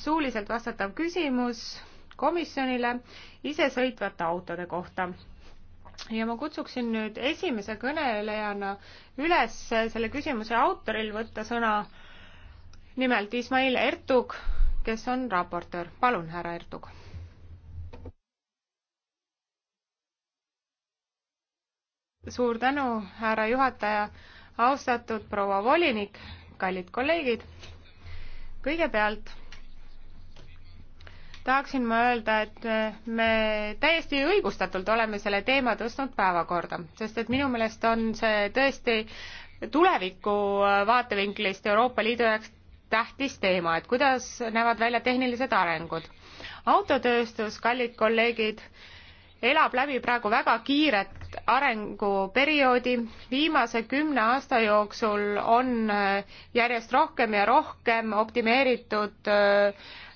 suuliselt vastatav küsimus komisjonile isesõitvate autode kohta. ja ma kutsuksin nüüd esimese kõnelejana üles selle küsimuse autoril võtta sõna, nimelt Ismail Ertug, kes on raportöör. palun, härra Ertug suur tänu, härra juhataja, austatud proua volinik, kallid kolleegid. kõigepealt tahaksin ma öelda, et eh, me täiesti õigustatult oleme selle teema tõstnud päevakorda, sest et minu meelest on see tõesti tuleviku eh, vaatevinklist Euroopa Liidu jaoks tähtis teema, et kuidas näevad välja tehnilised arengud. autotööstus, kallid kolleegid, elab läbi praegu väga kiiret arenguperioodi. viimase kümne aasta jooksul on eh, järjest rohkem ja rohkem optimeeritud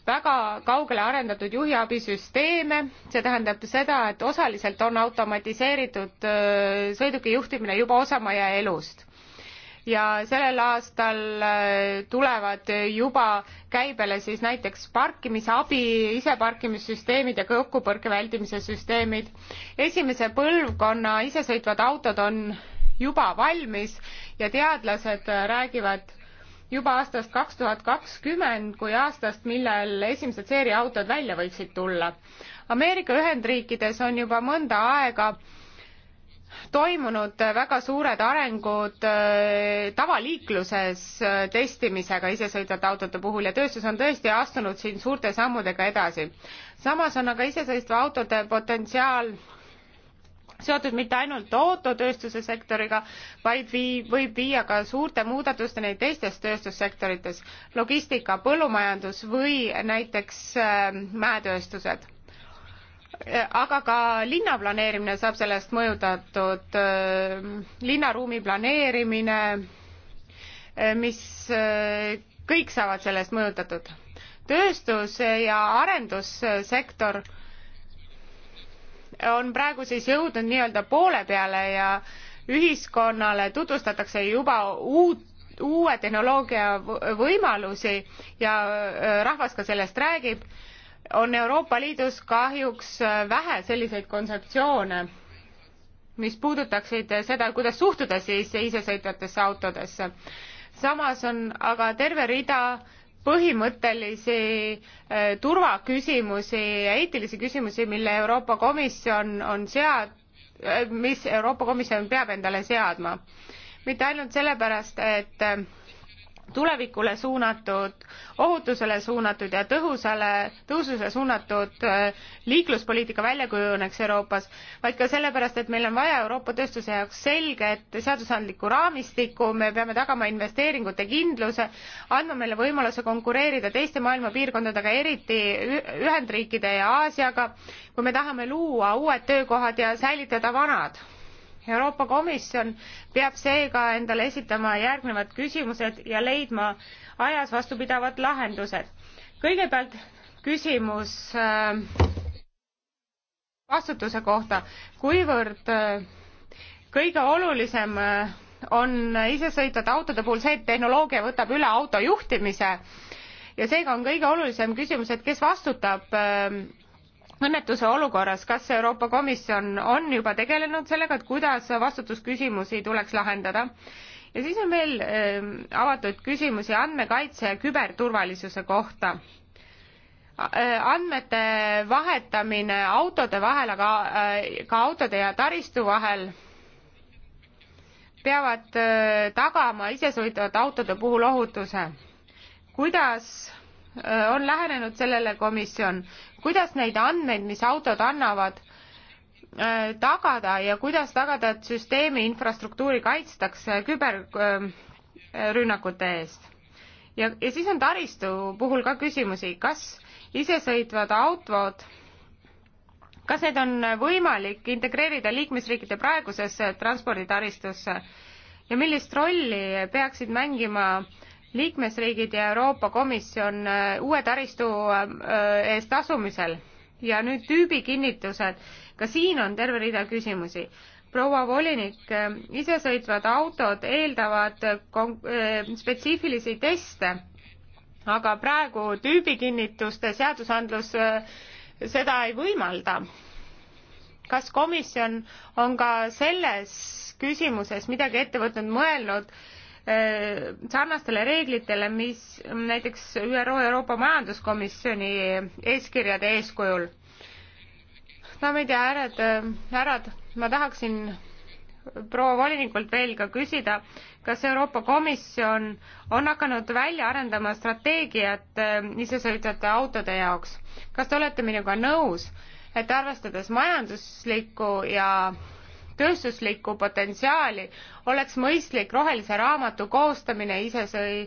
väga kaugele arendatud juhiabisüsteeme, see tähendab seda, et osaliselt on automatiseeritud äh, sõiduki juhtimine juba osamaja elust. ja sellel aastal äh, tulevad juba käibele siis näiteks parkimisabi, iseparkimissüsteemid ja kokkupõrke vältimise süsteemid. esimese põlvkonna isesõitvad autod on juba valmis ja teadlased räägivad juba aastast kaks tuhat kakskümmend kui aastast, millel esimesed seeriautod välja võiksid tulla. Ameerika Ühendriikides on juba mõnda aega toimunud väga suured arengud äh, tavaliikluses äh, testimisega isesõitvate autode puhul ja tööstus on tõesti astunud siin suurte sammudega edasi. samas on aga isesõitva autode potentsiaal seotud mitte ainult autotööstuse sektoriga, vaid vii-, võib viia ka suurte muudatusteni teistes tööstussektorites, logistika, põllumajandus või näiteks äh, mäetööstused. aga ka linnaplaneerimine saab sellest mõjutatud äh,, linnaruumi planeerimine äh,, mis äh, kõik saavad sellest mõjutatud. tööstus ja arendussektor äh, on praegu siis jõudnud nii-öelda poole peale ja ühiskonnale tutvustatakse juba uut uue tehnoloogia võimalusi ja rahvas ka sellest räägib, on Euroopa Liidus kahjuks vähe selliseid kontseptsioone, mis puudutaksid seda, kuidas suhtuda siis isesõitvatesse autodesse samas on aga terve rida põhimõttelisi äh, turvaküsimusi ja eetilisi küsimusi, mille Euroopa Komisjon on sead-, äh, mis Euroopa Komisjon peab endale seadma. mitte ainult sellepärast, et tulevikule suunatud, ohutusele suunatud ja tõhusale, tõhususele suunatud äh, liikluspoliitika välja kujuneks Euroopas, vaid ka sellepärast, et meil on vaja Euroopa tööstuse jaoks selget seadusandlikku raamistikku, me peame tagama investeeringute kindluse, andma meile võimaluse konkureerida teiste maailma piirkondadega, eriti Ühendriikide ja Aasiaga, kui me tahame luua uued töökohad ja säilitada vanad Euroopa Komisjon peab seega endale esitama järgnevad küsimused ja leidma ajas vastupidavad lahendused. kõigepealt küsimus äh, vastutuse kohta, kuivõrd äh, kõige olulisem äh, on isesõitvate autode puhul see, et tehnoloogia võtab üle auto juhtimise ja seega on kõige olulisem küsimus, et kes vastutab õnnetuse olukorras, kas Euroopa Komisjon on juba tegelenud sellega, et kuidas vastutusküsimusi tuleks lahendada? ja siis on veel äh, avatud küsimusi andmekaitse ja küberturvalisuse kohta äh, andmete vahetamine autode vahel, aga äh, ka autode ja taristu vahel peavad äh, tagama isesõitvate autode puhul ohutuse. kuidas on lähenenud sellele komisjon, kuidas neid andmeid, mis autod annavad, äh, tagada ja kuidas tagada, et süsteemi infrastruktuuri kaitstakse küberrünnakute eest? ja, ja siis on taristu puhul ka küsimusi, kas isesõitvad autod kas need on võimalik integreerida liikmesriikide praegusesse transporditaristusse ja millist rolli peaksid mängima äh, liikmesriigid ja Euroopa Komisjon äh, uue taristu äh, eest tasumisel ja nüüd tüübikinnitused, ka siin on terve rida küsimusi. proua volinik, äh, isesõitvad autod eeldavad spetsiifilisi teste, aga praegu tüübikinnituste seadusandlus seda ei võimalda. kas komisjon on ka selles küsimuses midagi ette võtnud, mõelnud äh, Äh, sarnastele reeglitele, mis näiteks ÜRO Euroopa Majanduskomisjoni eeskirjade eeskujul. daamid ja härrad, äh, härrad, ma tahaksin proua volinikult veel ka küsida, kas Euroopa Komisjon on hakanud välja arendama strateegiat äh, isesõitvate autode jaoks. kas te olete minuga nõus, et arvestades majanduslikku ja tööstuslikku potentsiaali, oleks mõistlik rohelise raamatu koostamine ise sõi,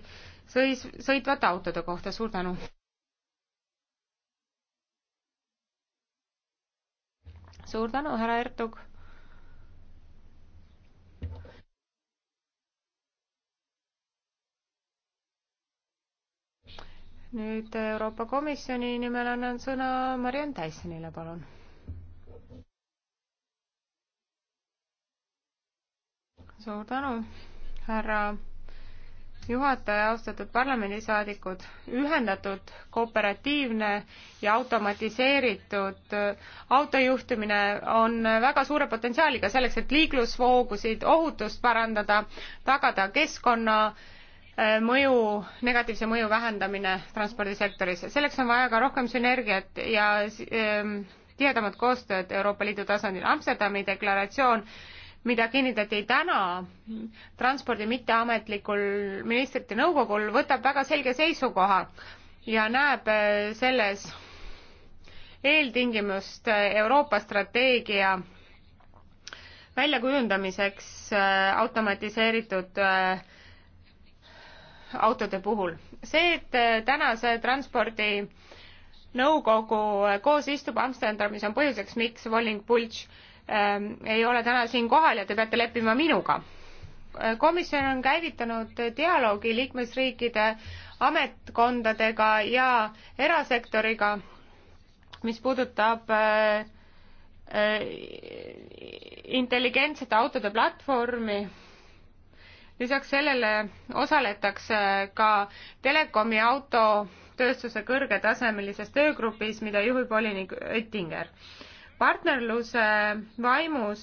sõi, sõitvate autode kohta, suur tänu. suur tänu, härra Ertug. nüüd Euroopa Komisjoni nimel annan sõna Mariann Tysonile, palun suur tänu, härra juhataja, austatud parlamendisaadikud, ühendatud, kooperatiivne ja automatiseeritud autojuhtimine on väga suure potentsiaaliga selleks, et liiklusvoogusid, ohutust parandada, tagada keskkonna eh, mõju, negatiivse mõju vähendamine transpordisektoris. selleks on vaja ka rohkem sünergiat ja eh, tihedamat koostööd Euroopa Liidu tasandil. Amsterdami deklaratsioon mida kinnitati täna transpordi mitteametlikul ministrite nõukogul, võtab väga selge seisukoha ja näeb eh, selles eeltingimust eh, Euroopa strateegia väljakujundamiseks eh, automatiseeritud autode puhul. see, et tänase transpordi nõukogu koos istub Amsterdamis, on põhjuseks, miks Volling Pultš Ähm, ei ole täna siin kohal ja te peate leppima minuga. Äh, komisjon on käivitanud dialoogi liikmesriikide ametkondadega ja erasektoriga, mis puudutab äh, äh, intelligentsete autode platvormi. lisaks sellele osaletakse ka telekomi autotööstuse kõrgetasemelises töögrupis, mida juhib volinik Oettinger partnerluse vaimus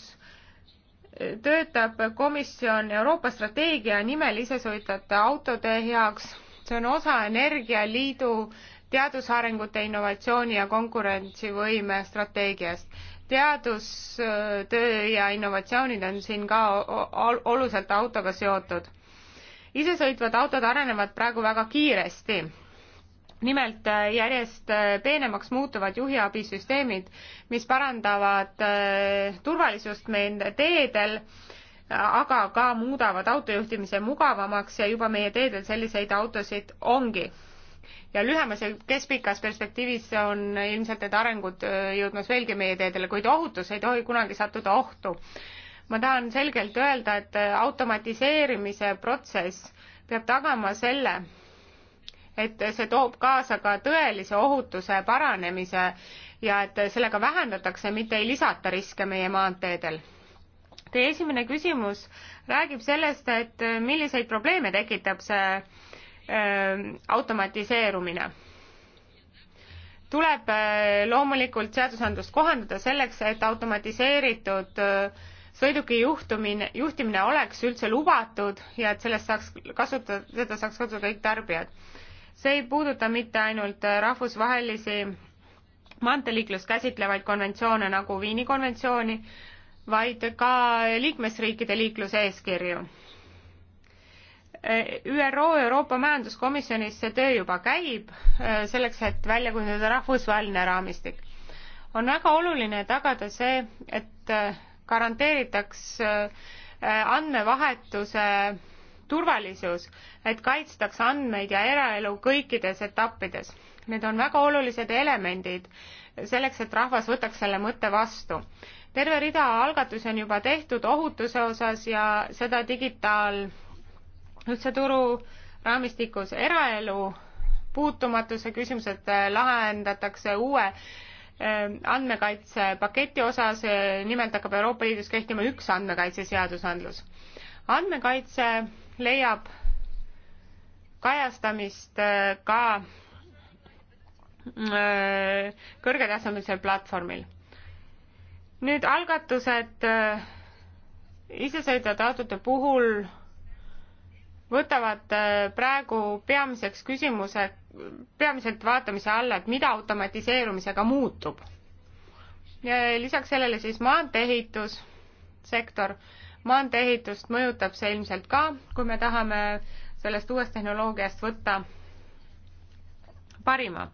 töötab komisjon Euroopa strateegia nimel isesuitvate autode heaks. see on osa Energialiidu teadusarengute, innovatsiooni ja konkurentsivõime strateegiast. teadustöö ja innovatsioonid on siin ka oluliselt autoga seotud. isesõitvad autod arenevad praegu väga kiiresti nimelt äh, järjest äh, peenemaks muutuvad juhiabisüsteemid, mis parandavad äh, turvalisust meil teedel, aga ka muudavad autojuhtimise mugavamaks ja juba meie teedel selliseid autosid ongi ja lühemas ja keskpikas perspektiivis on ilmselt need arengud jõudmas veelgi meie teedele, kuid ohutus ei tohi kunagi sattuda ohtu. ma tahan selgelt öelda, et automatiseerimise protsess peab tagama selle, et see toob kaasa ka tõelise ohutuse paranemise ja et sellega vähendatakse, mitte ei lisata riske meie maanteedel. Teie esimene küsimus räägib sellest, et milliseid probleeme tekitab see äh, automatiseerumine tuleb äh, loomulikult seadusandlust kohandada selleks, et automatiseeritud äh, sõiduki juhtumine, juhtimine oleks üldse lubatud ja et sellest saaks kasutada, seda saaks kasutada kõik tarbijad see ei puuduta mitte ainult äh, rahvusvahelisi maanteeliiklust käsitlevaid konventsioone nagu Viini konventsiooni, vaid ka liikmesriikide liikluseeskirju. Äh, ÜRO Euroopa Majanduskomisjonis see töö juba käib, äh, selleks et välja kujundada rahvusvaheline raamistik. on väga oluline tagada see, et garanteeritaks andmevahetuse turvalisus, et kaitstakse andmeid ja eraelu kõikides etappides. Need on väga olulised elemendid selleks, et rahvas võtaks selle mõtte vastu. terve rida algatusi on juba tehtud ohutuse osas ja seda digitaal ühtse turu raamistikus eraelu puutumatuse küsimused eh, lahendatakse uue eh, andmekaitsepaketi osas, eh, nimelt hakkab Euroopa Liidus kehtima üks andmekaitse seadusandlus. andmekaitse leiab kajastamist äh, ka äh, kõrgetasemelisel platvormil. nüüd algatused äh, isesõitvate autode puhul võtavad praegu peamiseks küsimuse, peamiselt vaatamise alla, et mida automatiseerumisega muutub. lisaks sellele siis maantee-ehitussektor maanteeehitust mõjutab see ilmselt ka, kui me tahame sellest uuest tehnoloogiast võtta parima.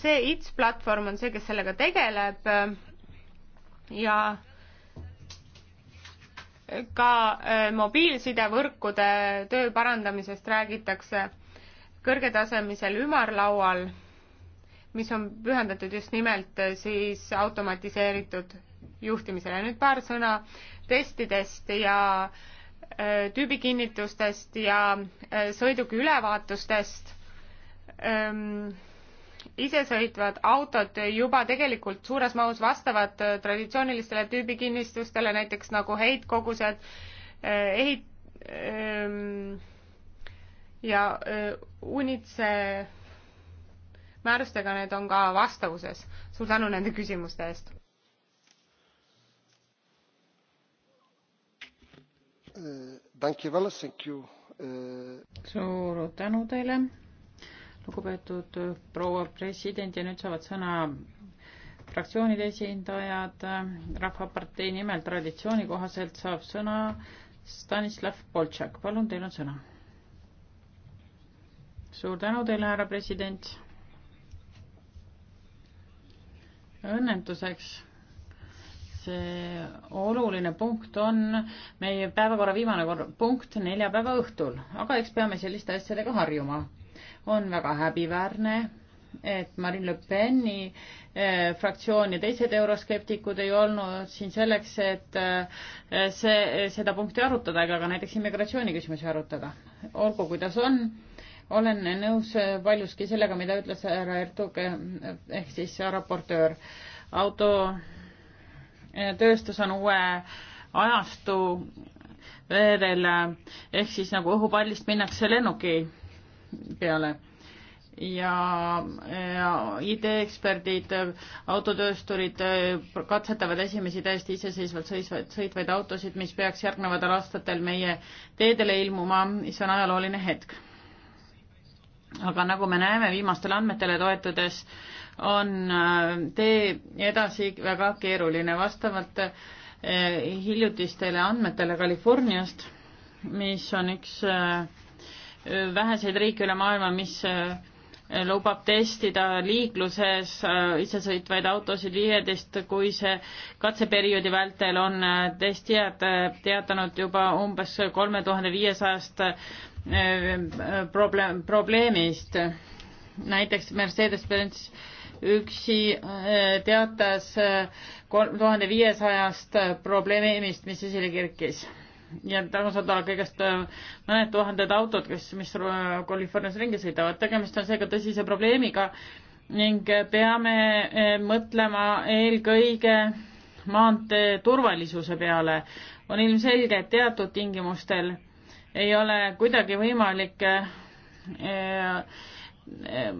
see ITS platvorm on see, kes sellega tegeleb ja ka e, mobiilsidevõrkude töö parandamisest räägitakse kõrgetasemisel ümarlaual mis on pühendatud just nimelt äh, siis automatiseeritud juhtimisele. nüüd paar sõna testidest ja äh, tüübikinnitustest ja äh, sõiduki ülevaatustest. Ehm, isesõitvad autod juba tegelikult suures mahus vastavad traditsioonilistele tüübikinnistustele, näiteks nagu heitkogused, ehit- ehm, ja UNITSE määrustega need on ka vastavuses. suur tänu nende küsimuste eest. Uh, suur tänu teile, lugupeetud proua president ja nüüd saavad sõna fraktsioonide esindajad. rahvapartei nimel traditsiooni kohaselt saab sõna Stanislav Boltšak, palun, teil on sõna. suur tänu teile, härra president õnnetuseks see oluline punkt on meie päevakorra viimane punkt neljapäeva õhtul, aga eks peame selliste asjadega harjuma. on väga häbiväärne, et Marine Le Peni eh, fraktsioon ja teised euroskeptikud ei olnud siin selleks, et eh, see, seda punkti arutada ega ka näiteks immigratsiooniküsimusi arutada. olgu, kuidas on olen nõus paljuski sellega, mida ütles härra Ertug ehk siis raportöör. autotööstus eh, on uue ajastu veerel ehk siis nagu õhupallist minnakse lennuki peale ja, ja IT-eksperdid, autotöösturid eh, katsetavad esimesi täiesti iseseisvalt sõisvaid, sõitvaid autosid, mis peaks järgnevatel aastatel meie teedele ilmuma, see on ajalooline hetk aga nagu me näeme viimastele andmetele toetudes, on äh, tee edasi väga keeruline. vastavalt äh, hiljutistele andmetele Californiast, mis on üks äh, väheseid riike üle maailma, mis lubab testida liikluses isesõitvaid autosid viieteist, kui see katseperioodi vältel on testijad teatanud juba umbes kolme tuhande viiesajast Äh, probleem, probleemist. näiteks Mercedes-Benz üksi äh, teatas äh, tuhande viiesajast probleemist, mis esile kerkis ja tagasi on kõigest mõned tuhanded autod, kes, mis Californias ringi sõidavad. tegemist on seega tõsise probleemiga ning peame mõtlema eelkõige maantee turvalisuse peale. on ilmselge, et teatud tingimustel ei ole kuidagi võimalik eh, eh,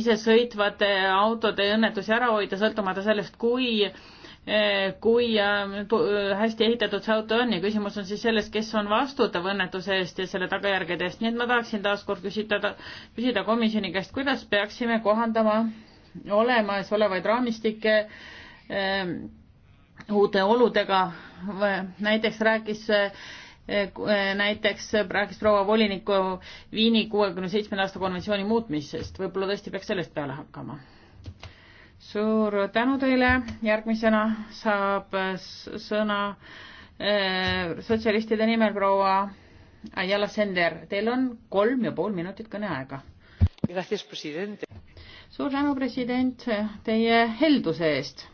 isesõitvate autode õnnetusi ära hoida, sõltumata sellest, kui eh, kui hästi ehitatud see auto on ja küsimus on siis selles, kes on vastutav õnnetuse eest ja selle tagajärgede eest, nii et ma tahaksin taaskord küsida, küsida komisjoni käest, kuidas peaksime kohandama olemas olevaid raamistikke uute oludega, näiteks rääkis Eh, eh, näiteks eh, rääkis proua voliniku Viini kuuekümne seitsmenda aasta konventsiooni muutmisest, võib-olla tõesti peaks sellest peale hakkama. suur tänu teile, järgmisena saab sõna sotsialistide nimel proua Ayala Sender, teil on kolm ja pool minutit kõneaega. suur tänu, president, teie helduse eest.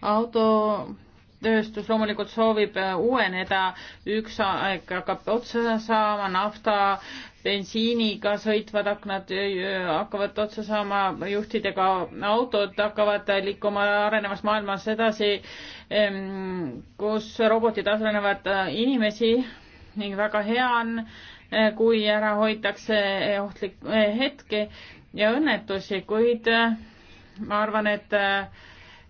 auto tööstus loomulikult soovib äh, uueneda, üks aeg hakkab otsa saama, nafta, bensiiniga sõitvad aknad äh, äh, hakkavad otsa saama, juhtidega autod hakkavad liikuma arenevas maailmas edasi, kus robotid asenevad inimesi ning väga hea on, kui ära hoitakse ohtlikke hetki ja õnnetusi, kuid ma arvan, et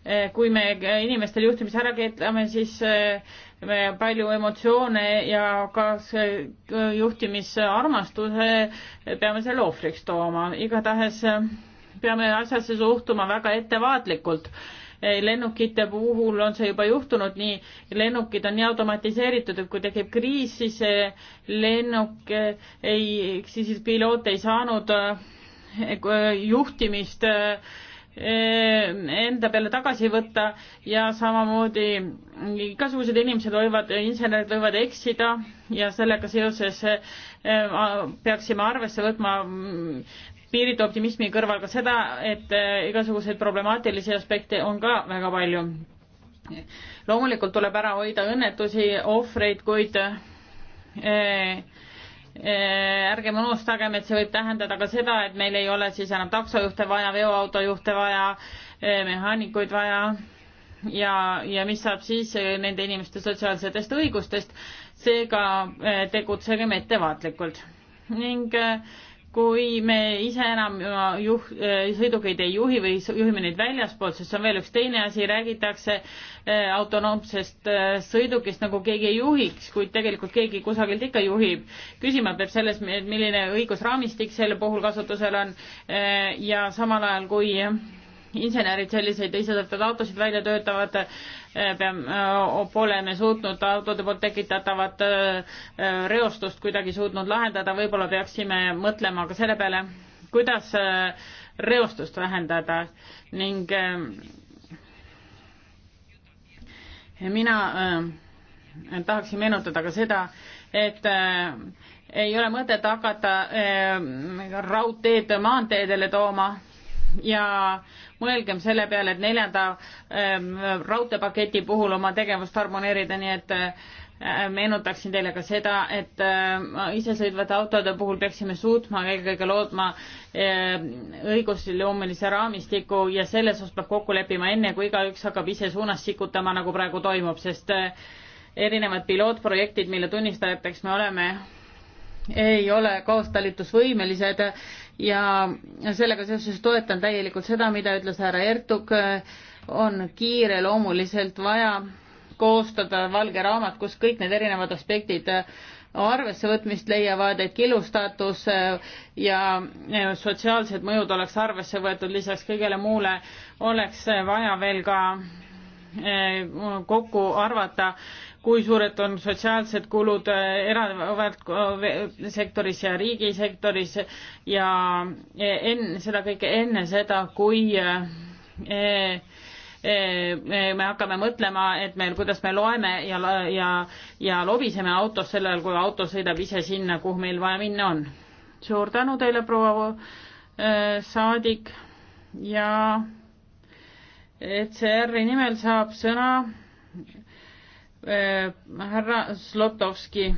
Eh, kui me eh, inimestel juhtimise ära keetame, siis eh, palju emotsioone ja ka juhtimisarmastuse peame selle ohvriks tooma. igatahes peame asjasse suhtuma väga ettevaatlikult. lennukite puhul on see juba juhtunud, nii lennukid on nii automatiseeritud, et kui tekib kriis, siis lennuk ei, siis piloot ei saanud juhtimist äh, Eh, enda peale tagasi võtta ja samamoodi igasugused inimesed võivad, insenerid võivad eksida ja sellega seoses eh, peaksime arvesse võtma mm, piiritu optimismi kõrval ka seda, et eh, igasuguseid problemaatilisi aspekte on ka väga palju. loomulikult tuleb ära hoida õnnetusi, ohvreid, kuid eh, Eh, ärgem unustagem, et see võib tähendada ka seda, et meil ei ole siis enam taksojuhte vaja, veoautojuhte vaja, eh, mehaanikuid vaja ja, ja mis saab siis eh, nende inimeste sotsiaalsetest õigustest, seega tegutsegem ettevaatlikult ning äh, kui me ise enam äh, juh-, äh, sõidukeid ei juhi või juhime neid väljaspoolt, sest see on veel üks teine asi, räägitakse äh, autonoomsest sõidukist, nagu keegi ei juhiks, kuid tegelikult keegi kusagilt ikka juhib. küsima peab selles, milline õigusraamistik selle puhul kasutusel on ja samal ajal, kui insenerid selliseid iseseisvaid autosid välja töötavad, Eh, peame, eh, pole me suutnud autode poolt tekitatavat eh, reostust kuidagi suutnud lahendada, võib-olla peaksime mõtlema ka selle peale, kuidas reostust vähendada ning mina tahaksin meenutada ka seda, et ei ole mõtet hakata raudteed maanteedele tooma ja mõelgem selle peale, et neljanda ähm, raudteepaketi puhul oma tegevust harmoneerida, nii et äh, meenutaksin teile ka seda, et äh, isesõitvate autode puhul peaksime suutma eelkõige loodma äh, õigusloomelise raamistiku ja selles osas peab kokku leppima enne, kui igaüks hakkab ise suunas sikutama, nagu praegu toimub, sest äh, erinevad pilootprojektid, mille tunnistajateks me oleme, ei ole kaastalitusvõimelised ja sellega seoses toetan täielikult seda, mida ütles härra Ertug, on kiireloomuliselt vaja koostada valge raamat, kus kõik need erinevad aspektid arvessevõtmist leiavad, et killustatus ja sotsiaalsed mõjud oleks arvesse võetud, lisaks kõigele muule oleks vaja veel ka eh, kokku arvata kui suured on sotsiaalsed kulud äh, erasektoris äh, ja riigisektoris ja e, enne seda kõike enne seda, kui äh, e, e, me hakkame mõtlema, et meil, kuidas me loeme ja, ja, ja lobiseme autos sel ajal, kui auto sõidab ise sinna, kuhu meil vaja minna on. suur tänu teile, proua saadik ja ECR-i nimel saab sõna Äh, härra Zlotovski.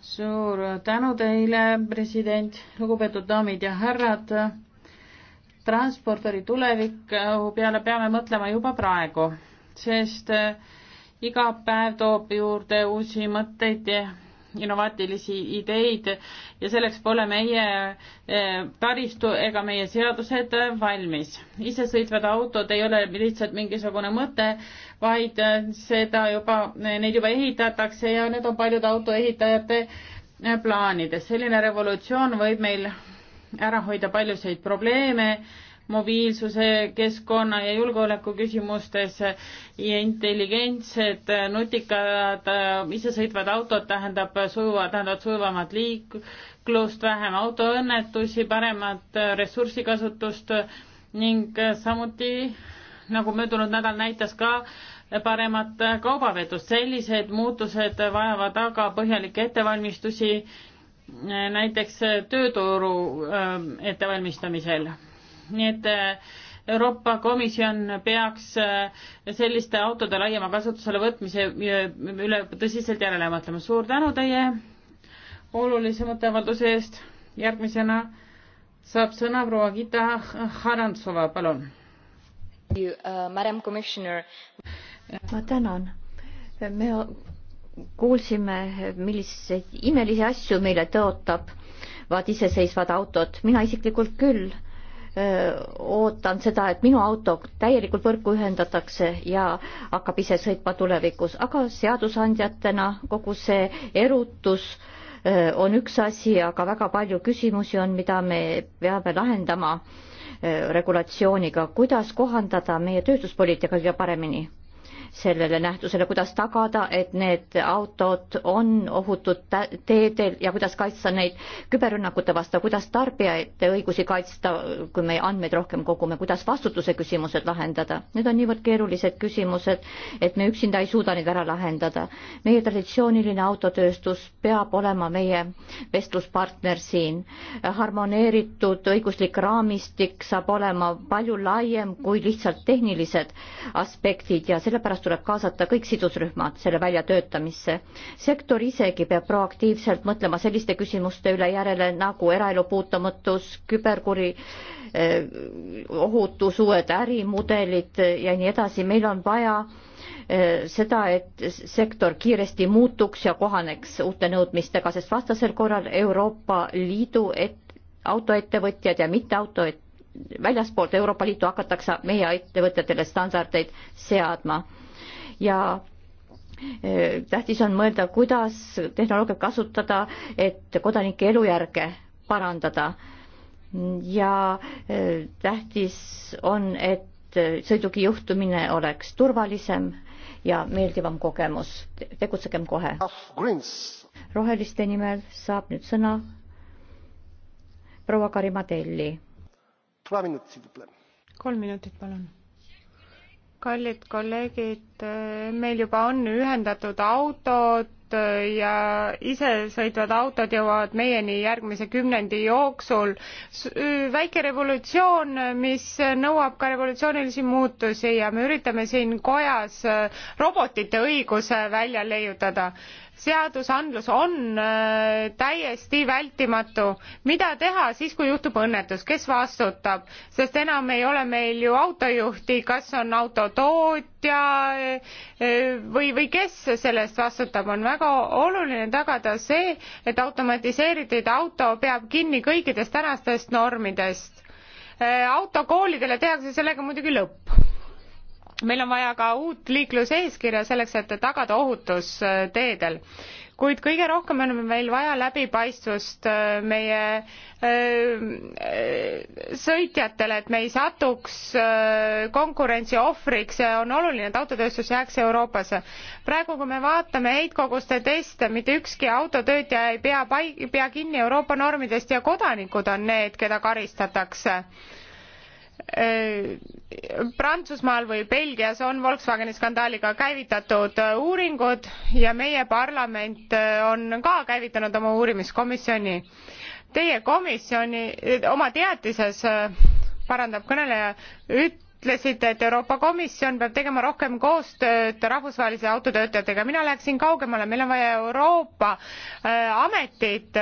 suur tänu teile, president, lugupeetud daamid ja härrad. transportööri tuleviku peale peame mõtlema juba praegu, sest äh, iga päev toob juurde uusi mõtteid ja innovaatilisi ideid ja selleks pole meie eh, taristu ega meie seadused valmis. isesõitvad autod ei ole lihtsalt mingisugune mõte, vaid eh, seda juba, eh, neid juba ehitatakse ja need on paljude autoehitajate plaanides. selline revolutsioon võib meil ära hoida paljusid probleeme mobiilsuse, keskkonna ja julgeoleku küsimustes ja intelligentsed nutikad äh, isesõitvad autod tähendab sujuva, tähendavad sujuvamat liiklust, vähem autoõnnetusi, paremat äh, ressursikasutust ning äh, samuti nagu möödunud nädal näitas ka, paremat kaubavedust. sellised muutused vajavad aga põhjalikke ettevalmistusi näiteks tööturu ettevalmistamisel nii et eh, Euroopa Komisjon peaks eh, selliste autode laiema kasutusele võtmise üle tõsiselt järele mõtlema. suur tänu teie olulise mõtteavalduse eest. järgmisena saab sõna proua Gita Harantsova, palun. Uh, ma tänan. me kuulsime, milliseid imelisi asju meile tõotab vaat iseseisvad autod. mina isiklikult küll ootan seda, et minu auto täielikult võrku ühendatakse ja hakkab ise sõitma tulevikus, aga seadusandjatena kogu see erutus on üks asi, aga väga palju küsimusi on, mida me peame lahendama regulatsiooniga, kuidas kohandada meie tööstuspoliitika kõige paremini sellele nähtusele, kuidas tagada, et need autod on ohutud teedel ja kuidas kaitsta neid küberrünnakute vastu, kuidas tarbijate õigusi kaitsta, kui me andmeid rohkem kogume, kuidas vastutuse küsimused lahendada. Need on niivõrd keerulised küsimused, et me üksinda ei suuda neid ära lahendada. meie traditsiooniline autotööstus peab olema meie vestluspartner siin. harmoneeritud õiguslik raamistik saab olema palju laiem kui lihtsalt tehnilised aspektid ja sellepärast kuidas tuleb kaasata kõik sidusrühmad selle väljatöötamisse. sektor isegi peab proaktiivselt mõtlema selliste küsimuste üle järele nagu eraelu puutumatus, küberkuri eh, ohutus, uued ärimudelid ja nii edasi, meil on vaja eh, seda, et sektor kiiresti muutuks ja kohaneks uute nõudmistega, sest vastasel korral Euroopa Liidu et-, autoettevõtjad ja mitte autoettevõtjad väljaspoolt Euroopa Liitu hakatakse meie ettevõtetele standardeid seadma ja e, tähtis on mõelda, kuidas tehnoloogiat kasutada, et kodanike elujärge parandada. ja e, tähtis on, et sõiduki juhtumine oleks turvalisem ja meeldivam kogemus. tegutsegem kohe. roheliste nimel saab nüüd sõna proua Karima Telli. kolm minutit, palun kallid kolleegid, eh, meil juba on ühendatud autod eh, ja isesõitvad autod jõuavad meieni järgmise kümnendi jooksul. Eh, väike revolutsioon, mis nõuab ka revolutsioonilisi muutusi ja me üritame siin kojas robotite õiguse välja leiutada seadusandlus on äh, täiesti vältimatu. mida teha siis, kui juhtub õnnetus, kes vastutab, sest enam ei ole meil ju autojuhti, kas on autotootja äh, või, või kes selle eest vastutab, on väga oluline tagada see, et automatiseeritud auto peab kinni kõikidest tänastest normidest. Äh, autokoolidele tehakse sellega muidugi lõpp meil on vaja ka uut liikluseeskirja selleks, et tagada ohutus äh, teedel. kuid kõige rohkem on meil vaja läbipaistvust äh, meie äh, sõitjatele, et me ei satuks konkurentsi ohvriks ja on oluline, et autotööstus jääks Euroopasse. praegu, kui me vaatame heitkoguste teste, mitte ükski autotöötaja ei pea paik-, pea kinni Euroopa normidest ja kodanikud on need, keda karistatakse Äh, Prantsusmaal või Belgias on Volkswageni skandaaliga käivitatud äh, uuringud ja meie parlament äh, on ka käivitanud oma uurimiskomisjoni. Teie komisjoni oma teatises parandab kõneleja, üt-, ütlesite, et Euroopa Komisjon peab tegema rohkem koostööd rahvusvahelise autotöötajatega, mina läheksin kaugemale, meil on vaja Euroopa äh, ametit.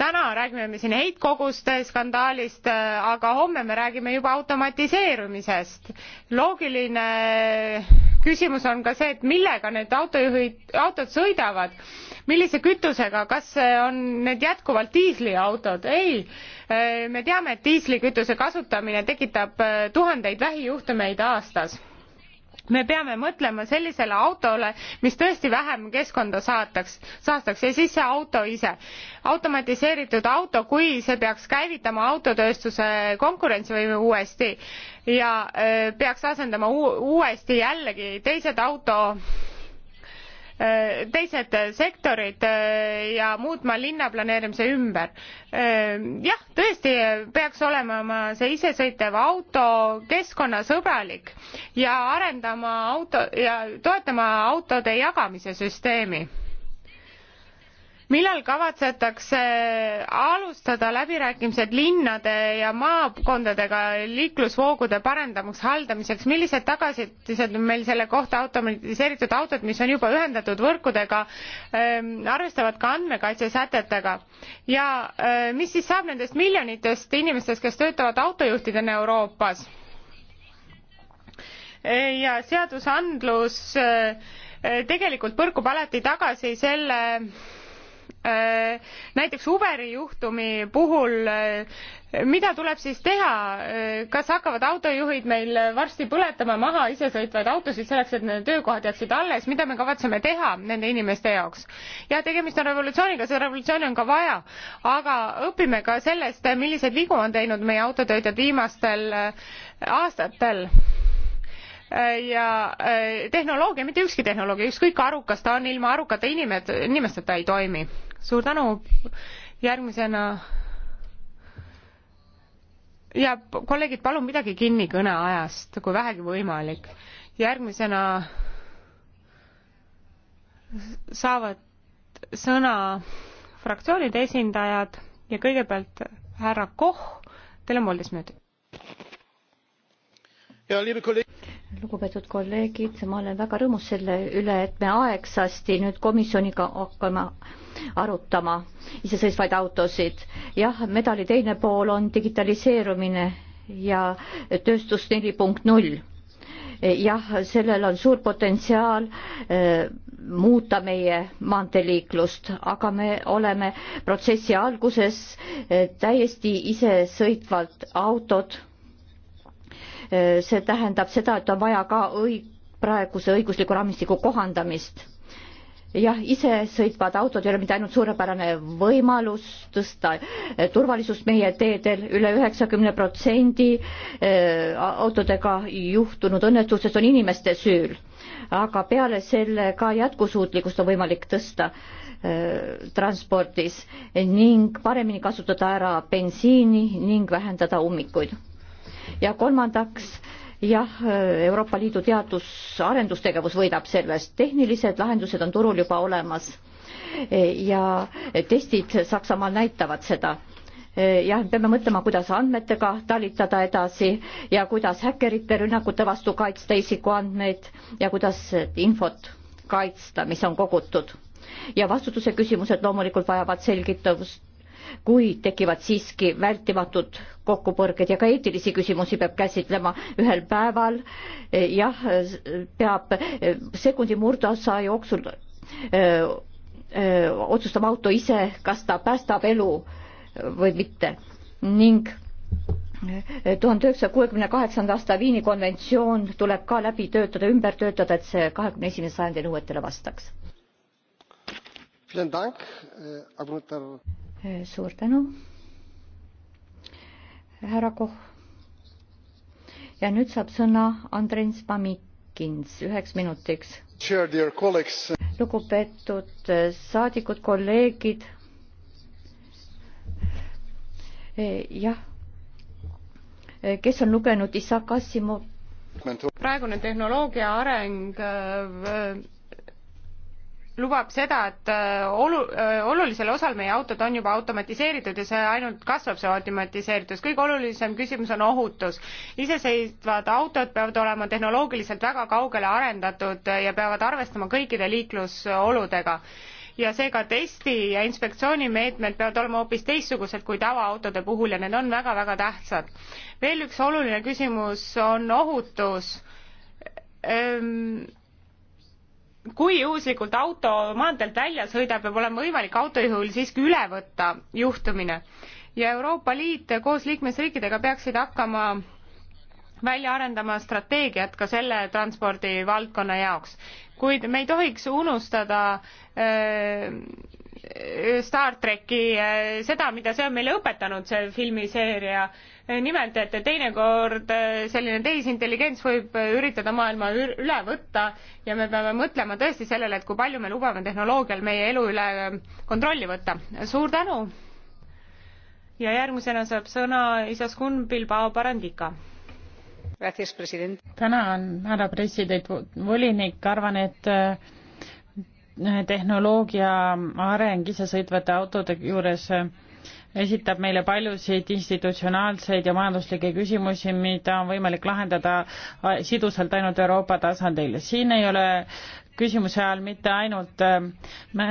täna räägime me siin heitkoguste skandaalist äh,, aga homme me räägime juba automatiseerumisest. loogiline äh, küsimus on ka see, et millega need autojuhid, autod sõidavad millise kütusega, kas äh, on need jätkuvalt diisliautod? ei, äh, me teame, et diislikütuse kasutamine tekitab äh, tuhandeid vähijuhtumeid aastas me peame mõtlema sellisele autole, mis tõesti vähem keskkonda saataks, saastaks ja siis see auto ise. automatiseeritud auto, kui see peaks käivitama autotööstuse konkurentsivõime uuesti ja peaks asendama uuesti jällegi teised auto teised sektorid äh, ja muutma linnaplaneerimise ümber. Äh, jah, tõesti peaks olema oma see isesõitev auto keskkonnasõbralik ja arendama auto ja toetama autode jagamise süsteemi millal kavatsetakse alustada läbirääkimised linnade ja maakondadega liiklusvoogude parendamaks, haldamiseks, millised tagasisided on meil selle kohta automatiseeritud autod, mis on juba ühendatud võrkudega ähm,, arvestavad ka andmekaitsesätetega ja äh, mis siis saab nendest miljonitest inimestest, kes töötavad autojuhtidena Euroopas? Äh, ja seadusandlus äh, äh, tegelikult põrkub alati tagasi selle näiteks Uberi juhtumi puhul, mida tuleb siis teha, kas hakkavad autojuhid meil varsti põletama maha isesõitvaid autosid selleks, et need töökohad jääksid alles, mida me kavatseme teha nende inimeste jaoks? jah, tegemist on revolutsiooniga, seda revolutsiooni on ka vaja, aga õpime ka sellest, milliseid vigu on teinud meie autotöötajad viimastel äh, aastatel äh, ja äh, tehnoloogia mitte ükski tehnoloogia ükskõik arukas ta on ilma arukate inimet- inimesteta ei toimi suur tänu, järgmisena ja kolleegid, palun pidage kinni kõneajast, kui vähegi võimalik. järgmisena saavad sõna fraktsioonide esindajad ja kõigepealt härra Koch, teil on poolteist minutit lugupeetud kolleegid, ma olen väga rõõmus selle üle, et me aegsasti nüüd komisjoniga hakkame arutama iseseisvaid autosid. jah, medali teine pool on digitaliseerumine ja tööstus neli punkt null jah, sellel on suur potentsiaal eh, muuta meie maanteeliiklust, aga me oleme protsessi alguses eh, täiesti isesõitvalt autod Äh, see tähendab seda, et on vaja ka õig-, praeguse õigusliku raamistiku kohandamist jah, isesõitvad autod ei ole mitte ainult suurepärane võimalus tõsta äh, turvalisust meie teedel üle, üle üheksakümne protsendi äh, autodega juhtunud õnnetustes on inimeste süül. aga peale selle ka jätkusuutlikkust on võimalik tõsta transpordis ning paremini kasutada ära bensiini ning vähendada ummikuid ja kolmandaks, jah, Euroopa Liidu teadus-arendustegevus võidab sellest, tehnilised lahendused on turul juba olemas ja testid Saksamaal näitavad seda jah, peame mõtlema, kuidas andmetega talitada edasi ja kuidas häkkerite rünnakute vastu kaitsta isikuandmeid ja kuidas infot kaitsta, mis on kogutud. ja vastutuse küsimused loomulikult vajavad selgitust kui tekivad siiski vältimatud kokkupõrked ja ka eetilisi küsimusi peab käsitlema ühel päeval. jah, peab sekundi murdosa jooksul öö, öö, otsustama auto ise, kas ta päästab elu või mitte ning tuhande üheksasaja kuuekümne kaheksanda aasta Viini konventsioon tuleb ka läbi töötada, ümber töötada, et see kahekümne esimese sajandi nõuetele vastaks. Eh, suur tänu, härra Koh. ja nüüd saab sõna Andrens Pamikins üheks minutiks. lugupeetud eh, saadikud, kolleegid. Eh, jah, kes on lugenud Isaac Asimov praegune tehnoloogia areng lubab seda, et äh, olu-, äh, olulisel osal meie autod on juba automatiseeritud ja see ainult kasvab, see automatiseeritus. kõige olulisem küsimus on ohutus. iseseisvad autod peavad olema tehnoloogiliselt väga kaugele arendatud ja peavad arvestama kõikide liiklusoludega ja seega testi ja inspektsioonimeetmed peavad olema hoopis teistsugused kui tavaautode puhul ja need on väga-väga tähtsad. veel üks oluline küsimus on ohutus Üm ehm, kui juhuslikult auto maanteelt välja sõidab, peab olema võimalik autojuhil siiski üle võtta juhtimine ja Euroopa Liit koos liikmesriikidega peaksid hakkama välja arendama strateegiat ka selle transpordivaldkonna jaoks. kuid me ei tohiks unustada äh, Star tracki äh, seda, mida see on meile õpetanud, see filmiseeria äh,. nimelt, et teinekord äh, selline tehisintelligents võib üritada maailma üle võtta ja me peame mõtlema tõesti sellele, et kui palju me lubame tehnoloogial meie elu üle äh, kontrolli võtta. suur tänu! ja järgmisena saab sõna isas Kun Bilbao Barandika tänan, härra president, volinik, arvan, et eh, tehnoloogia areng isesõitvate autode juures eh, esitab meile paljusid institutsionaalseid ja majanduslikke küsimusi, mida on võimalik lahendada eh, sidusalt ainult Euroopa tasandil. siin ei ole küsimuse all mitte ainult me,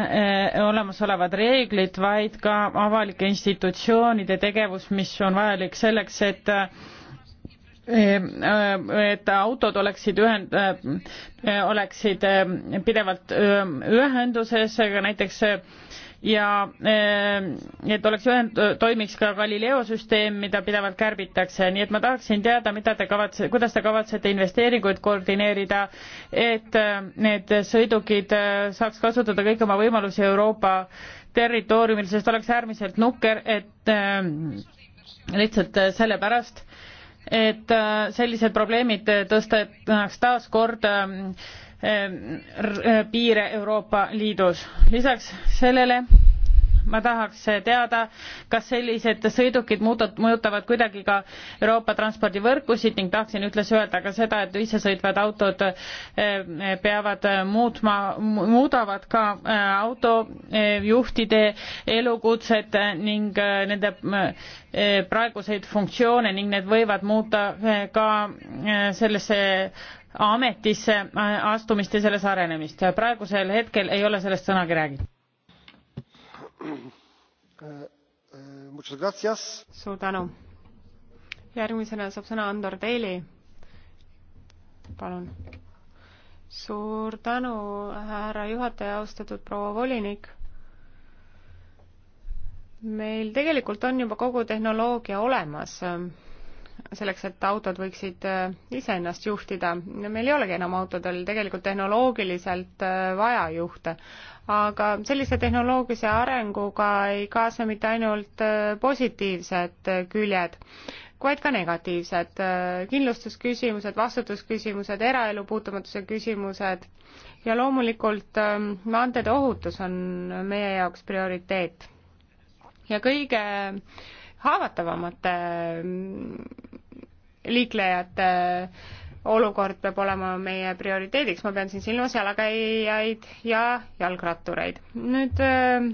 olemasolevad reeglid, vaid ka avalike institutsioonide tegevus, mis on vajalik selleks, et Ehm, äh, et autod oleksid ühend-, äh, oleksid ähm, pidevalt ähm, ühenduses, aga näiteks äh, ja ähm, et oleks ühend-, toimiks ka Galileo süsteem, mida pidevalt kärbitakse, nii et ma tahaksin teada, mida te kavatse-, kuidas te kavatsete investeeringuid koordineerida, et need sõidukid saaks kasutada kõiki oma võimalusi Euroopa territooriumil, sest oleks äärmiselt nukker, et lihtsalt sellepärast, et äh, sellised probleemid tõstetaks taas kord ähm, äh, äh, piire Euroopa Liidus. lisaks sellele ma tahaks teada, kas sellised sõidukid muudat-, mõjutavad kuidagi ka Euroopa transpordivõrkusid ning tahaksin ühtlasi öelda ka seda, et isesõitvad autod eh, peavad muutma, muudavad ka eh, autojuhtide elukutset ning eh, nende praeguseid funktsioone ning need võivad muuta ka sellesse ametisse astumist ja selles arenemist. praegusel hetkel ei ole sellest sõnagi räägitud Äh, äh, suur tänu. järgmisena saab sõna Andor Teili. palun. suur tänu, härra juhataja, austatud proua volinik meil tegelikult on juba kogu tehnoloogia olemas selleks, et autod võiksid äh, iseennast juhtida. meil ei olegi enam autodel tegelikult tehnoloogiliselt äh, vaja juhte, aga sellise tehnoloogilise arenguga ei kaasne mitte ainult äh, positiivsed küljed, vaid ka negatiivsed kindlustusküsimused, vastutusküsimused, eraelu puutumatuse küsimused ja loomulikult ähm, maanteede ohutus on meie jaoks prioriteet. ja kõige haavatavamate liiklejate äh, olukord peab olema meie prioriteediks, ma pean siin silmas jalakäijaid ja jalgrattureid. nüüd äh,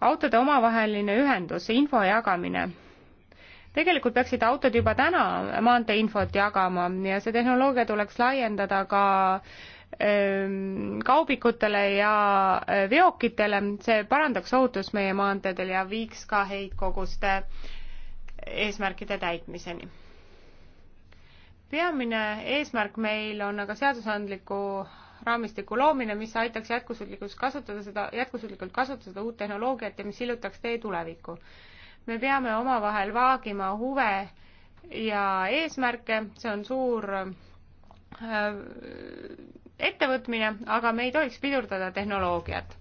autode omavaheline ühendus, info jagamine tegelikult peaksid autod juba täna maanteeinfot jagama ja see tehnoloogia tuleks laiendada ka ähm, kaubikutele ja äh, veokitele, see parandaks ohutust meie maanteedel ja viiks ka heitkoguste eesmärkide täitmiseni peamine eesmärk meil on aga seadusandliku raamistiku loomine, mis aitaks jätkusuutlikult kasutada seda, jätkusuutlikult kasutada seda uut tehnoloogiat ja mis sillutaks tee tulevikku. me peame omavahel vaagima huve ja eesmärke, see on suur äh, ettevõtmine, aga me ei tohiks pidurdada tehnoloogiat,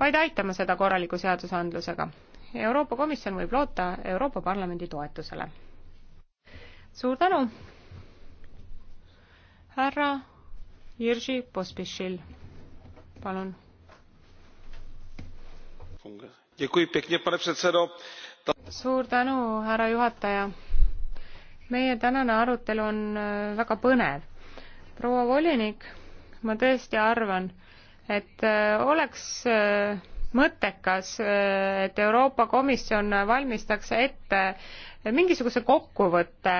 vaid aitama seda korraliku seadusandlusega. Euroopa Komisjon võib loota Euroopa Parlamendi toetusele. suur tänu! härra Jirži Pospišil, palun. suur tänu, härra juhataja. meie tänane arutelu on äh, väga põnev. proua volinik, ma tõesti arvan, et äh, oleks äh, mõttekas, et Euroopa Komisjon valmistaks ette mingisuguse kokkuvõtte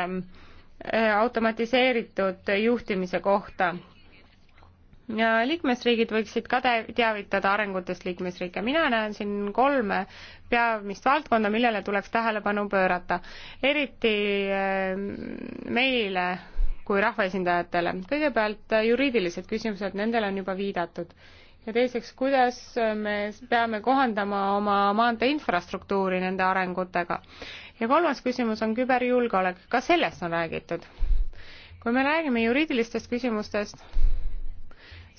Äh, automatiseeritud juhtimise kohta. ja liikmesriigid võiksid ka teavitada arengutest liikmesriike. mina näen siin kolme peamist valdkonda, millele tuleks tähelepanu pöörata. eriti äh, meile kui rahvaesindajatele. kõigepealt äh, juriidilised küsimused, nendele on juba viidatud. ja teiseks, kuidas me peame kohandama oma maantee infrastruktuuri nende arengutega ja kolmas küsimus on küberjulgeolek, ka sellest on räägitud. kui me räägime juriidilistest küsimustest,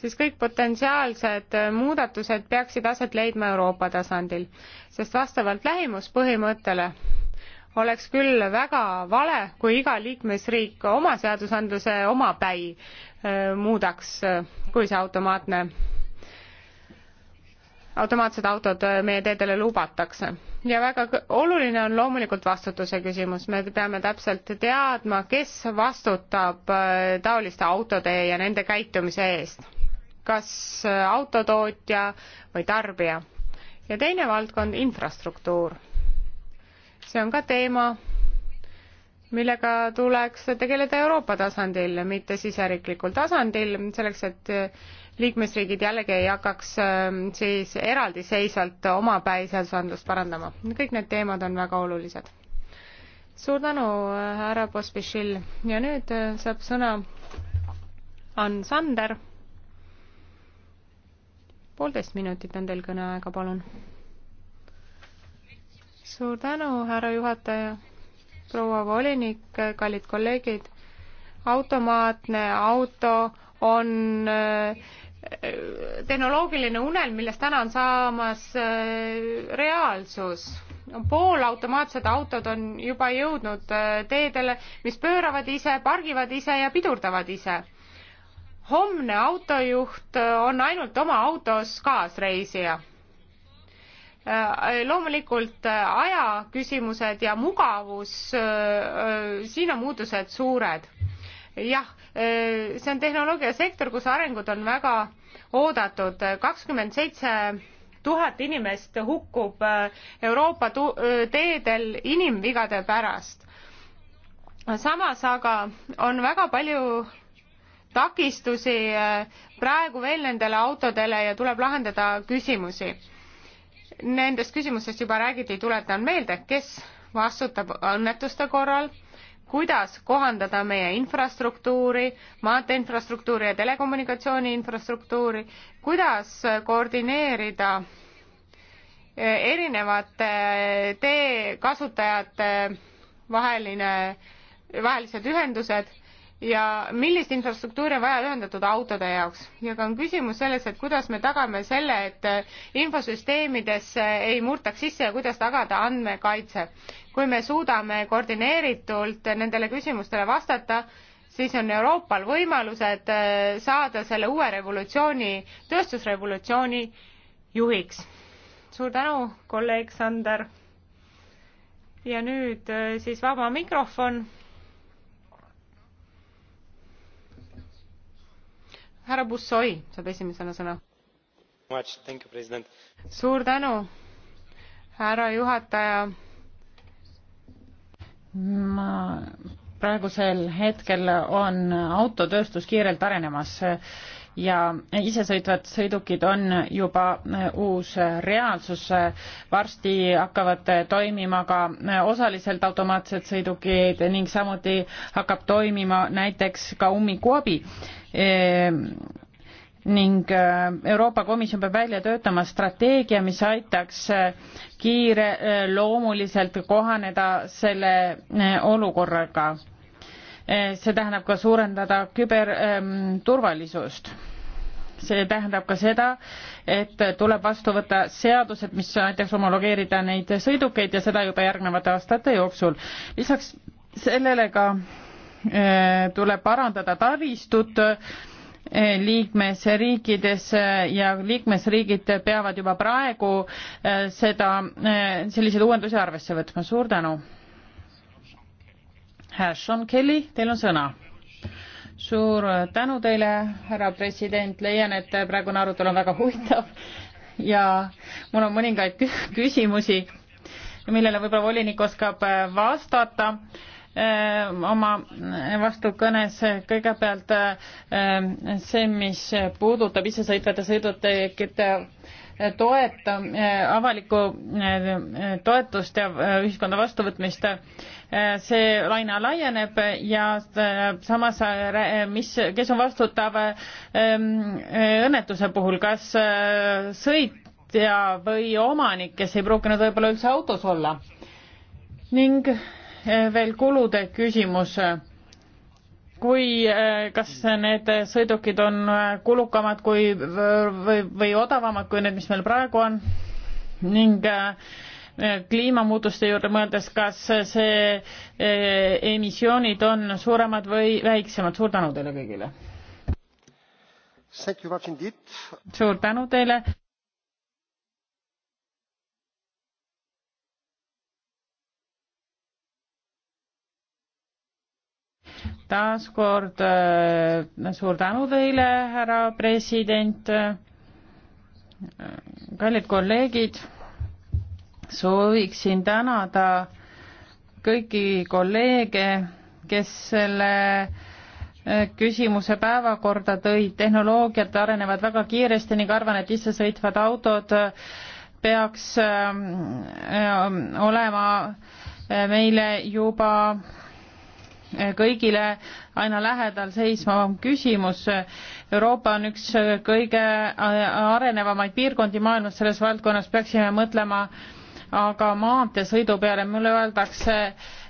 siis kõik potentsiaalsed muudatused peaksid aset leidma Euroopa tasandil, sest vastavalt lähimuspõhimõttele oleks küll väga vale, kui iga liikmesriik oma seadusandluse omapäi eh, muudaks, eh, kui see automaatne automaatsed autod äh, meie teedele lubatakse. ja väga oluline on loomulikult vastutuse küsimus, me peame täpselt teadma, kes vastutab äh, taoliste autode ja nende käitumise eest, kas äh, autotootja või tarbija. ja teine valdkond, infrastruktuur. see on ka teema millega tuleks tegeleda Euroopa tasandil, mitte siseriiklikul tasandil, selleks et liikmesriigid jällegi ei hakkaks ähm, siis eraldiseisvalt oma päiseadusandlust parandama. kõik need teemad on väga olulised. suur tänu, äh, härra Pospišil ja nüüd äh, saab sõna Ann Sander. poolteist minutit on teil kõneaega, palun. suur tänu, härra juhataja proua volinik, kallid kolleegid, automaatne auto on äh, tehnoloogiline unelm, millest täna on saamas äh, reaalsus. poolautomaatsed autod on juba jõudnud äh, teedele, mis pööravad ise, pargivad ise ja pidurdavad ise. homne autojuht on ainult oma autos kaasreisija Äh, loomulikult äh, aja küsimused ja mugavus, äh, siin on muutused suured. jah, see on tehnoloogiasektor, kus arengud on väga oodatud, kakskümmend seitse tuhat inimest hukkub Euroopa teedel inimvigade pärast. samas aga on väga palju takistusi praegu veel nendele autodele ja tuleb lahendada küsimusi Nendest küsimustest juba räägiti, tuletan meelde, kes vastutab õnnetuste korral, kuidas kohandada meie infrastruktuuri, maantee infrastruktuuri ja telekommunikatsiooni infrastruktuuri, kuidas koordineerida eh, erinevate eh, tee kasutajate vaheline, vahelised ühendused ja millist infrastruktuuri on vaja ühendatud autode jaoks ja ka on küsimus selles, et kuidas me tagame selle, et infosüsteemidesse ei murtaks sisse ja kuidas tagada andmekaitse. kui me suudame koordineeritult nendele küsimustele vastata, siis on Euroopal võimalused äh, saada selle uue revolutsiooni, tööstusrevolutsiooni juhiks. suur tänu, kolleeg Sander. ja nüüd äh, siis vaba mikrofon härra Bussoi saab esimesena sõna. suur tänu, härra juhataja. ma praegusel hetkel on autotööstus kiirelt arenemas ja isesõitvad sõidukid on juba äh, uus äh, reaalsus. varsti hakkavad äh, toimima ka osaliselt automaatsed sõidukid ning samuti hakkab toimima näiteks ka ummikuabi ehm, ning Euroopa Komisjon peab välja töötama strateegia, mis aitaks kiireloomuliselt kohaneda selle olukorraga. Eh, see tähendab ka suurendada küberturvalisust ehm, see tähendab ka seda, et tuleb vastu võtta seadused, mis aitaks homologeerida neid sõidukeid ja seda juba järgnevate aastate jooksul. lisaks sellele ka eh, tuleb parandada taristut eh, liikmesriikides ja liikmesriigid peavad juba praegu seda, selliseid uuendusi arvesse võtma. suur tänu! Sean Kelly, teil on sõna. suur tänu teile, härra president, leian, et praegune arutelu on väga huvitav ja mul on mõningaid küsimusi, millele võib-olla volinik oskab äh, vastata äh, oma äh, vastukõnes kõigepealt see, mis puudutab isesõitvate sõidukite toeta avalikku toetust ja ühiskonda vastuvõtmist. see laine laieneb ja samas, mis, kes on vastutav ähm, õnnetuse puhul, kas äh, sõitja või omanik, kes ei pruukinud võib-olla üldse autos olla? ning äh, veel kulude küsimus kui, äh, kas need sõidukid on äh, kulukamad kui või, või odavamad kui need, mis meil praegu on ning äh, kliimamuutuste juurde mõeldes, kas see emissioonid on suuremad või väiksemad, suur tänu teile kõigile! suur tänu teile! taaskord äh, suur tänu teile, härra president. kallid kolleegid, sooviksin tänada kõiki kolleege, kes selle äh, küsimuse päevakorda tõid, tehnoloogiad arenevad väga kiiresti ning arvan, et issesõitvad autod peaks ähm, ähm, olema äh, meile juba kõigile aina lähedal seisma küsimus. Euroopa on üks kõige arenevamaid piirkondi maailmas selles valdkonnas, peaksime mõtlema aga maanteesõidu peale, mulle öeldakse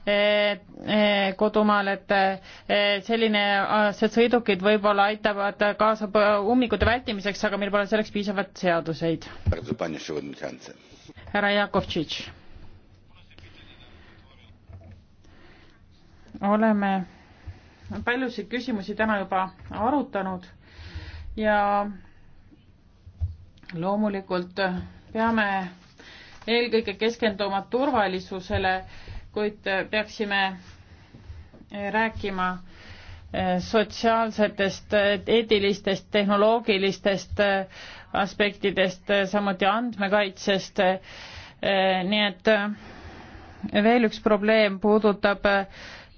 eh, kodumaal, et eh, selline, eh, see sõidukid võib-olla aitavad kaasa ummikute vältimiseks, aga meil pole selleks piisavalt seaduseid. härra Jakovtšitš oleme paljusid küsimusi täna juba arutanud ja loomulikult peame eelkõige keskenduma turvalisusele, kuid peaksime rääkima eh, sotsiaalsetest, eetilistest, tehnoloogilistest eh, aspektidest, eh, samuti andmekaitsest. nii et veel üks probleem puudutab äh,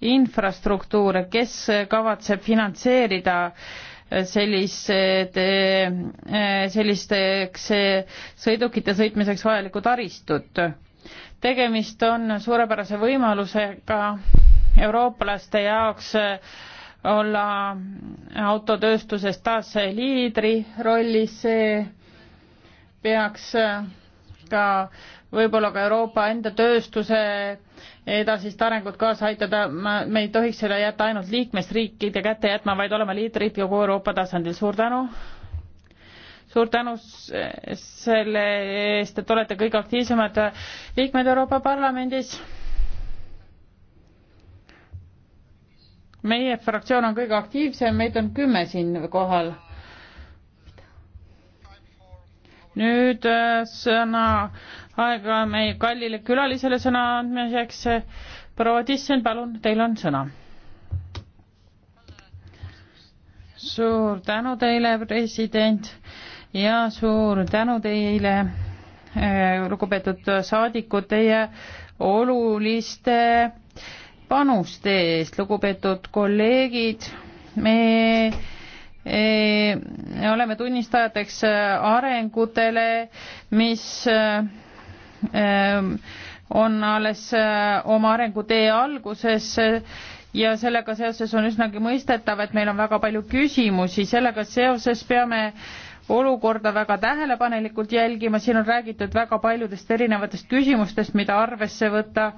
infrastruktuure, kes kavatseb finantseerida selliste, sellisteks sõidukite sõitmiseks vajalikku taristut. tegemist on suurepärase võimalusega eurooplaste jaoks olla autotööstuses taas liidri rollis, see peaks ka võib-olla ka Euroopa enda tööstuse edasist arengut kaasa aitada, ma, me ei tohiks seda jätta ainult liikmesriikide kätte jätma, vaid olema liidrid kogu Euroopa tasandil, suur tänu! suur tänu selle eest, et olete kõige aktiivsemad liikmed Euroopa Parlamendis. meie fraktsioon on kõige aktiivsem, meid on kümme siin kohal nüüd äh, sõna aega meie kallile külalisele sõna andmiseks. proua Tissen, palun, teil on sõna. suur tänu teile, president ja suur tänu teile, äh, lugupeetud saadikud, teie oluliste panuste eest, lugupeetud kolleegid, me oleme tunnistajateks äh, arengutele, mis äh, ähm, on alles äh, oma arengutee alguses ja sellega seoses on üsnagi mõistetav, et meil on väga palju küsimusi, sellega seoses peame olukorda väga tähelepanelikult jälgima, siin on räägitud väga paljudest erinevatest küsimustest, mida arvesse võtta,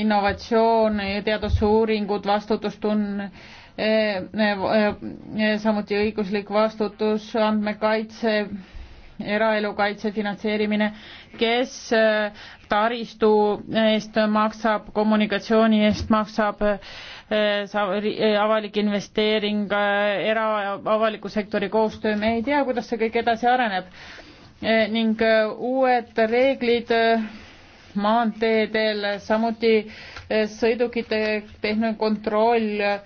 innovatsioon, teadusuuringud, vastutustunne Äh, äh, äh, samuti õiguslik vastutus, andmekaitse, eraelu kaitse finantseerimine, kes taristu eest maksab, kommunikatsiooni eest maksab, avalik investeering, era- ja avaliku sektori koostöö, me ei tea, kuidas see kõik edasi areneb. ning uued reeglid maanteedel, samuti sõidukite tehniline kontroll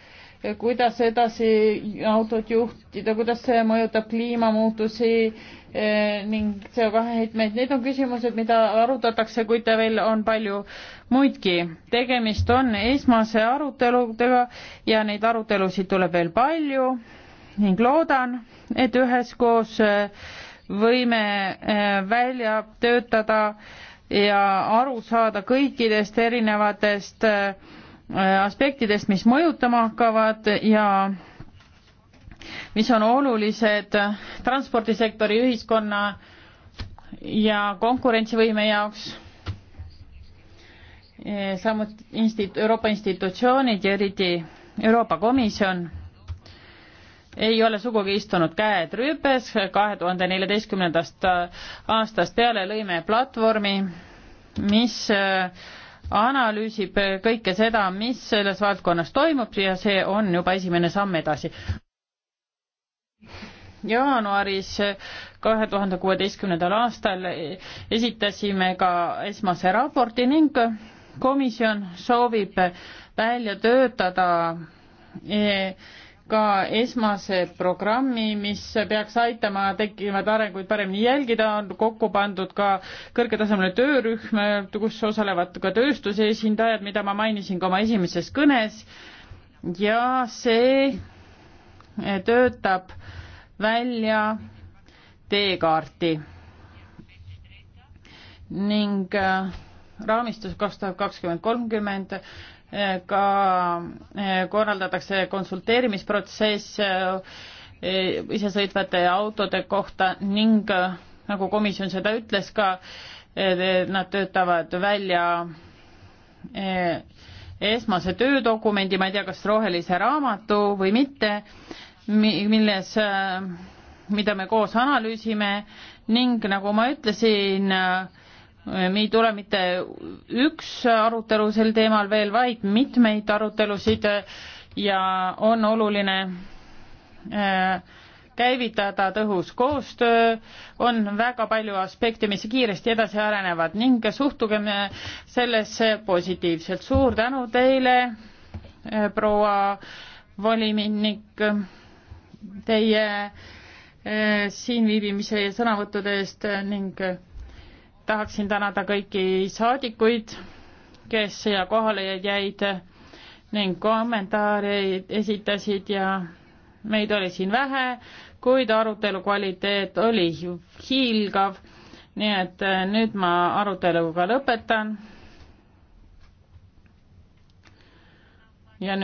kuidas edasi autot juhtida, kuidas see mõjutab kliimamuutusi eh, ning CO2 heitmeid, need on küsimused, mida arutatakse, kuid veel on palju muidki. tegemist on esmase aruteludega ja neid arutelusid tuleb veel palju ning loodan, et üheskoos eh, võime eh, välja töötada ja aru saada kõikidest erinevatest äh, Äh, aspektidest, mis mõjutama hakkavad ja mis on olulised transpordisektori, ühiskonna ja konkurentsivõime jaoks, äh, samuti instit-, Euroopa institutsioonid ja eriti Euroopa Komisjon ei ole sugugi istunud käed rüüpes, kahe tuhande neljateistkümnendast aastast peale lõime platvormi, mis äh, analüüsib kõike seda, mis selles valdkonnas toimub ja see on juba esimene samm edasi. jaanuaris kahe tuhande kuueteistkümnendal aastal esitasime ka esmase raporti ning komisjon soovib välja töötada eh, ka esmase programmi, mis peaks aitama tekkivaid arenguid paremini jälgida, on kokku pandud ka kõrgetasemeline töörühm, kus osalevad ka tööstuse esindajad, mida ma mainisin ka oma esimeses kõnes ja see töötab välja teekaarti ning äh, raamistus kaks tuhat kakskümmend kolmkümmend ka eh, korraldatakse konsulteerimisprotsess eh, isesõitvate autode kohta ning eh, nagu komisjon seda ütles ka, nad töötavad välja esmase töödokumendi, ma ei tea, kas rohelise raamatu või mitte, milles, mida me koos analüüsime ning nagu ma ütlesin, me ei tule mitte üks arutelu sel teemal veel, vaid mitmeid arutelusid ja on oluline äh, käivitada tõhus koostöö, on väga palju aspekte, mis kiiresti edasi arenevad ning suhtugem sellesse positiivselt. suur tänu teile, äh, proua volinik, teie äh, siin viibimise ja sõnavõttude eest ning tahaksin tänada kõiki saadikuid, kes siia kohale jäid ning kommentaare esitasid ja meid oli siin vähe, kuid arutelu kvaliteet oli hiilgav. nii et nüüd ma aruteluga lõpetan